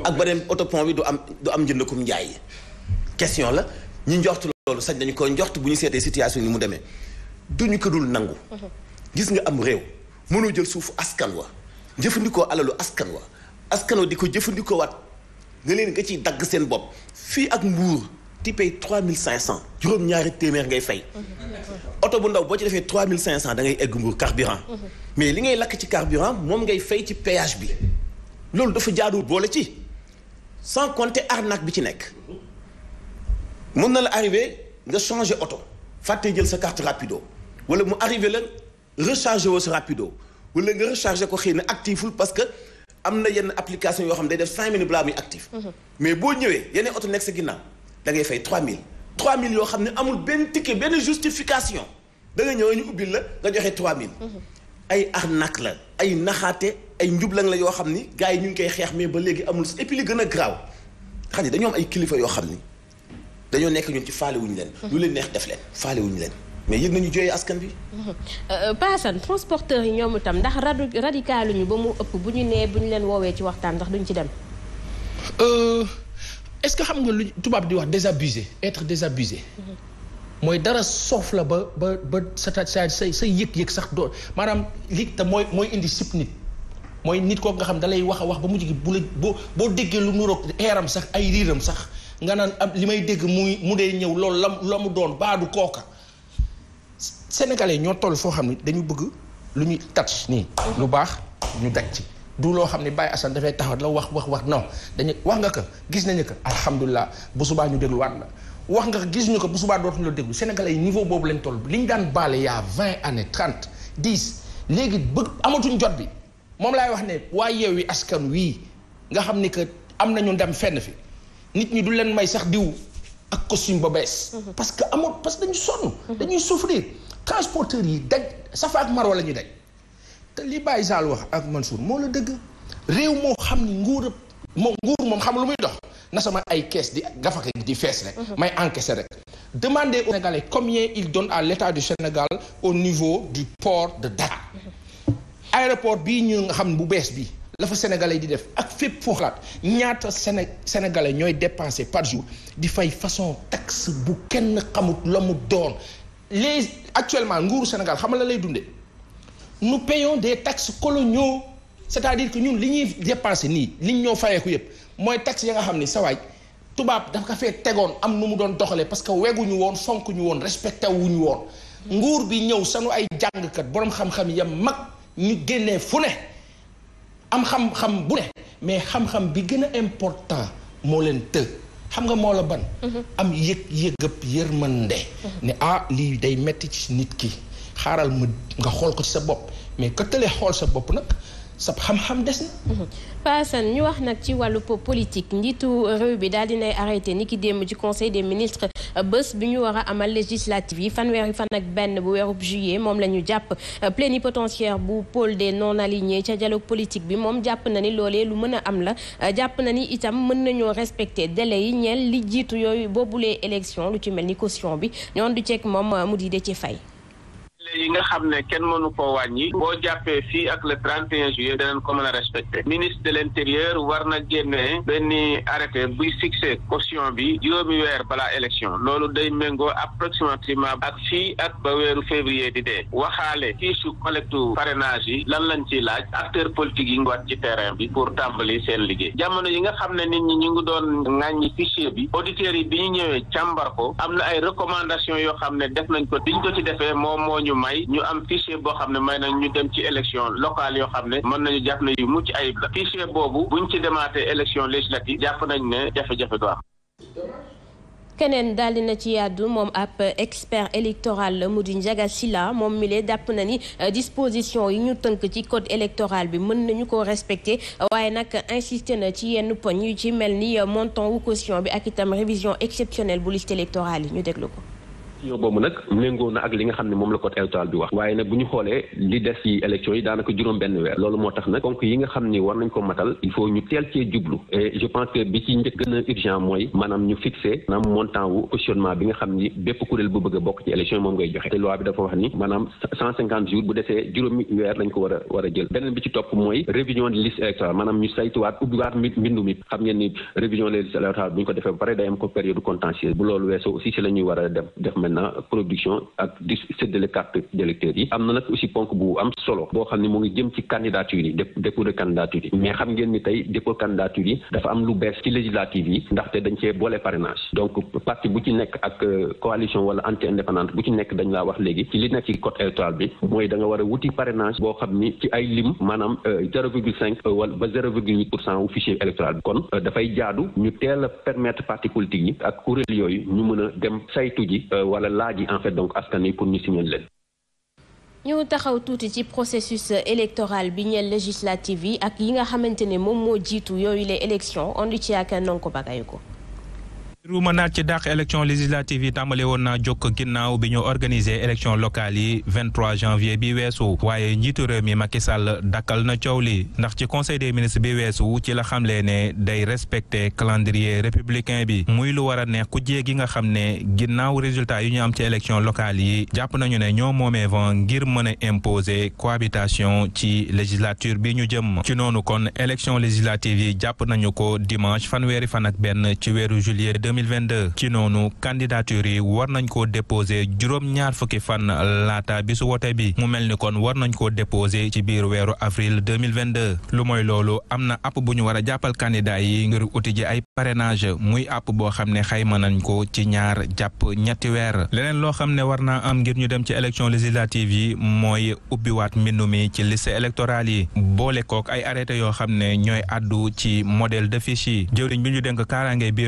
ak beneen autopont bi du am du am njëndakum njaay question la ñu njort loolu sañ dañu ko njort bu ñu seetee situation ni mu demee duñu ko dul nangu gis nga am réew mënoo jël suufu askan wa jëfandikoo alalu askan wa askan wa di ko jëfandikoo waat nga leen nga ciy dagg seen bopp fii ak mbuur tu payes trois mille cinq cent juróom-ñaari téeméer ngay fay oto bu ndaw boo ci defee trois mille cinq cent da ngay egg mbuur carburant mais li ngay lakk ci carburant moom ngay fay ci péage bi loolu dafa jaadu boole ci sans compter arnaque bi ci nekk mun na la arrivé nga changer oto fàtte jël sa carte rapido wala mu arrivé la recharger woo sa rapido wala nga recharger ko xëy na actiful parce que am na yenn application yoo xam ne day def cinq minutes balaa muy actif mhm. mais boo ñëwee yeneen oto nekk sa ginnaaw da ngay trois mille trois mille yoo xam ne amul benn ticket benn justification da nga ñëw ñu ubbil la nga joxe trois mille mhm. ay arnaque la ay naxaate ay njublang la yoo xam ni gars yi ñu ngi koy xeex mais ba léegi amul et puis li gën a graaw xam ni dañoo am ay kilifa yoo xam ni dañoo nekk ñun ci faale wuñu leen. Mm-hmm. lu leen neex def leen faale wuñu leen. mais yëg nañu jooyee askan bi. Mm-hmm. Euh, Paasan transporteurs yi ñoom tam ndax radu radicalu ñu ba mu ëpp bu ñu nee bu ñu leen woowee ci waxtaan ndax duñ ci dem. Euh, est-ce que xam nga lu tubaab di wax désabusé être désabusé. Mm-hmm. mooy dara soof la ba ba ba sa sa sa yëg-yëg sax doo maanaam li te mooy mooy indi sip mooy nit kook nga xam da lay wax a wax ba mujj gi bu la boo boo déggee lu mu roog sax ay riiram sax nga naan am li may dégg muy mu dee ñëw loolu la la mu doon baadu kooka sénégalais ñoo toll foo xam ne dañu bëgg lu ñuy tach nii lu baax ñu daj ci du loo xam ne Baye Assane dafay taxaw la wax wax wax non dañu wax nga ko gis nañu ko alhamdulilah bu subaa ñu dégluwaat la wax nga ko gis ñu ko bu subaa dootuñu la déglu sénégalais yi niveau boobu lañ toll li ñu daan baale yaa vingt années trente dix léegi bëgg amatuñ jot bi moom laay wax ne waa Yewwi Askan wii nga xam ni que am nañu ndem fenn fi nit ñi du leen may sax diw ak costume ba bees. Mhm. parce que amul parce que dañu sonn. Mhm. dañuy souffrir transporteurs yi daj safa ak marwa la ñuy daj te li Baye Sall wax ak Mansour moo la dëgg réew moo xam nguur moom nguur moom xam lu muy dox na sama ay kees di gafaka di fees rek. Mhm. may encaisser rek. demandez aux Sénégalais combien ils donnent à l'État du Sénégal au niveau du port de Dakar. aéroport bii ñu nga xam bu bees bi la sénégal yi di def ak fépp foo xalaat ñaata séné sénégalais ñooy dépensé par jour di fay façon taxe bu kenn xamut la mu doon les actuellement nguuru Sénégal xam la lay dundee nous payons de taxes coloniaux c'est-à-dire que ñun li ñuy dépensé nii ñu ñoo fayeeku yëpp mooy taxe ya nga xam ni sa sawaay tubaab dafa ka fee tegoon am nu mu doon doxalee parce que weguñu woon fonkuñu woon respecté wuñu woon nguur bi ñëw sanu ay jàngkat boroom xam-xam ya mag ñu génnee fu ne am xam-xam bu ne mais xam-xam bi gën a important moo leen të xam nga moo la ban mm-hmm. am yëg yëgëb yërmande mm-hmm. ne ah lii day metti ci nit ki xaaral ma nga xool ko ci sa bopp mais que tëlee xool sa bopp nag sab xam-xam des na. Mhm. Paasan ñu wax nag ci wàllu politique njiitu réew bi daal nay arrêté ni ki démb ci conseil des ministres bés bi ñu war a amal législative yi fanweeri fan ak benn bu weerub juillet moom la ñu jàpp plénipotentiaire bu pôle des non alignés ca dialogue politique bi moom jàpp na ni loole lu mën a am la jàpp na ni itam mën nañoo respecté délai yi ñeel li jiitu yooyu boobulee élection lu ci mel ni caution bi ñoon du ceeg moom mu di de ci fay yi nga xam ne kenn mënu koo wàññi boo jàppee fii ak le 31 juillet danañ ko mën a ministre de l' intérieur war na génne benn arrêté buy fixé caution bi juróomi weer balaa élection loolu day méngoo approximativement ak fii ak ba weeru février di dee waxaale fii su collecte parrainage yi lan lañ ci laaj acteur politique yi ngoot ci terrain bi pour tàmbali seen liggéey jamono yi nga xam ne nit ñi ñu ngi doon ŋàññi fichier bi auditeurs yi bi ñu ñëwee càmbar am na ay recommandation yoo xam ne def nañ ko diñ ko ci defee moom moo ñu may ñu am fichier boo xam ne may ñu dem ci élection locale yoo xam ne mën nañu jàpp ne yu mucc ayib la fichier boobu buñ ci demaatee élection législative jàpp nañ ne jafe-jafe du keneen daal na ci yàddu moom ab expert électoral la mu di Ndiaga silla moom mi lee dàpp na ni euh, disposition yi ñu tënk ci code électoral bi mën nañu ko respecté waaye nag insisté na ci yenn poñ yu ci mel ni euh, montant wu caution bi ak itam révision exceptionnelle bu liste électorale yi ñu déglu ko décision boobu nag méngoo na ak li nga xam ne moom la code électoral bi wax waaye nag bu ñu xoolee li des ci élections yi daanaka juróom benn weer loolu moo tax nag konk yi nga xam ni war nañ ko matal il faut ñu teel ci njëkk a urgent mooy maanaam ñu fixé bi a bokk ci élection yi moom ngay joxe te loi bi dafa wax ni maanaam cent cinquante jours bu desee juróomi weer lañ ko war a a jël beneen bi ci topp mooy révision de liste électorale maanaam ñu saytuwaat ubbiwaat mbindu mi xam ngeen ni révision de liste électorale bu ñu ko defee ba pare day maintenant production ak di séddale carte d'électeur yi am na nag aussi ponk bu am solo boo xam ne mu ngi jëm ci candidature yi dépôt de candidature yi mais xam ngeen ni tey dépôt candidature yi dafa am lu bees ci législative yi ndaxte dañ cee boole parrainage donc parti bu ci nekk ak euh, coalition wala anti indépendante bu ci nekk dañ laa wax léegi ci li nekk ci code électoral bi mooy danga war a wuti parrainage boo xam ni ci ay lim maanaam euh, zéro virgule cinq euh, wala ba zéro virgule huit pour cent wu fichier kon dafay jaadu ñu teel a permettre parti politique yi ak kuréel yooyu ñu mën a dem saytu ji wala laaji en donc askan wi pour ñu signal taxaw tuuti ci processus électoral bi ñeel législative yi ak yi nga xamante ne moom moo jiitu yooyu les élections on ci ak non ko bagayu ko. ruuma naat ci dàq élection législative yi tàmbali woon na jokk ginnaaw bi ñu organiser élection locale yi 23 janvier bi weesu waaye njiitu réew mi Macky Sall dakkal na coow li ndax ci conseil des ministre bi weesu ci la xamle ne day respecter calendrier républicain bi muy lu war a neex ku jéegi nga xam ne ginnaaw résultat yi ñu am ci élection locale yi jàpp nañu ne ñoo moomee vent ngir mën a imposer cohabitation ci législature bi ñu jëm ci noonu kon élection législative yi jàpp nañu ko dimanche fanweeri fan ak benn ci weeru juillet 2022 ci noonu candidature yi war nañ koo déposé juróom-ñaar fukki fan laata bi su wote bi mu mel ni kon war nañ koo déposé ci biir weeru avril 2022 lu mooy loolu am na app bu a jàppal candidat yi ngir uti ji ay parrainage muy app boo xam ne xayma nañ ko ci ñaar jàpp ñetti weer leneen loo xam ne war naa am ngir ñu dem ci élection législative yi mooy ubbiwaat mbindu mi ci liste électorale yi boole kook ay arrêté yoo xam ne ñooy àddu ci modèle de fiche yi jëwriñ bi ñu dénk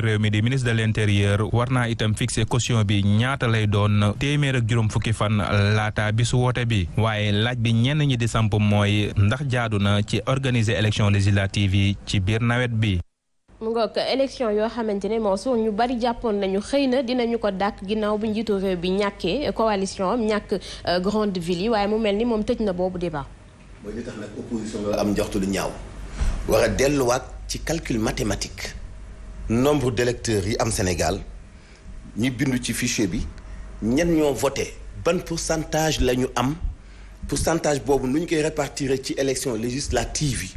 l'intérieur war naa itam fixé caution bi ñaata lay doon téeméer ak juróom fukki fan laata bisu woote bi waaye laaj bi ñenn ñi di samp mooy ndax jaadu na ci organiser élection législative yi ci biir nawet bi. mu ngoog élection yoo xamante ne Mansour ñu bari jàppoon nañu xëy na dinañu ko dàkk ginnaaw bu njiitu réew bi ñàkkee coalition am ñàkk euh, grande ville yi waaye mu mel ni moom tëj na boobu débat. mooy li tax delluwaat ci calcul mathématique. nombre d'électeurs yi am Sénégal ñi bindu ci fichier bi ñen ñoo voté ban pourcentage la ñu am pour pourcentage boobu nu ñu koy répartir ci élection législative yi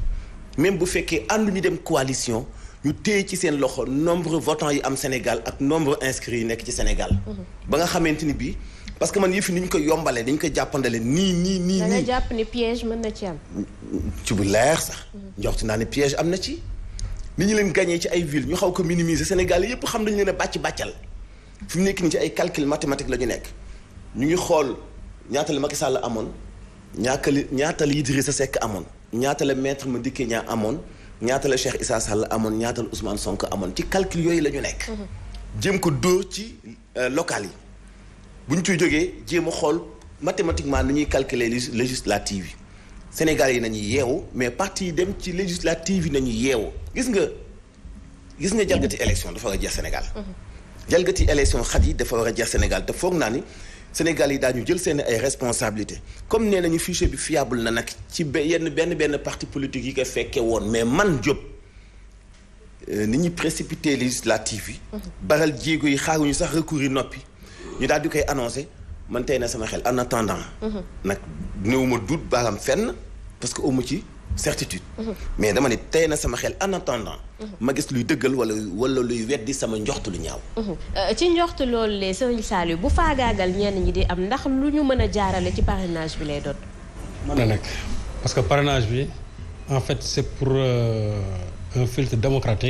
même bu fekkee ànd ñu dem coalition ñu téye ci seen loxo nombre votant yi am Sénégal ak nombre inscrits yi nekk ci Sénégal. Mhm. ba nga xamante ni bii parce que man yëf yi ni ñu ko yombalee dañu ko jàppandale nii nii nii. nii da nga jàpp mën na ci ci bu leer sax. Mhm. njoxti naa ne piège am na ci. ni ñu leen gagné ci ay ville ñu xaw ko minimiser Sénégal yépp xam nañu leen a bàcc bàccal fi nekk nii ci ay calcul la ñu nekk ñu ngi xool ñaata la Macky Sall amoon ñaata la ñaata la Idrissa Seck amoon ñaata la ma Madické Niang amoon ñaata la Cheikh Issa Sall amoon ñaata la Ousmane Sonko amoon ci calcul yooyu la ñu nekk. Mm-hmm. jéem ko dóor ci euh, local yi bu ñu ciy jógee jéem a xool mathématiquement ni ñuy calculer législative yi. Sénégal yi nañu yeewu mais parti yi dem ci législative yi nañu yeewu gis nga gis nga jalgati élection dafa war a jeex Sénégal. Mhm. jalgati élection xat yi dafa war a jeex Sénégal te foog naa ni Sénégal yi daañu jël seen ay responsabilité comme nee nañu fichier bi fiable na nag ci yenn benn benn parti politique yi ko fekkee woon mais man Diop euh, ni ñuy précipité législative yi. Mhm. baral jéego yi xaaruñu sax recours yi noppi ñu daal di koy annoncé man na sama xel en attendant. Mhm. nag néew ma dut baaraam parce que amu ci certitude. Mhm. mais dama ne tey na sama xel en attendant. Mhm. ma gis luy dëggal wala wala luy weddi sama njoxtu lu ñaaw. Mhm. Euh, ci njoxtu loolu lee sëñ Saliou bu faagaagal ñeen ñi di am ndax lu ñu mën a jaarale ci parrainage bi lay doon. mën na nekk parce que parrainage bi en fait c'est pour euh, un filtre démocratique.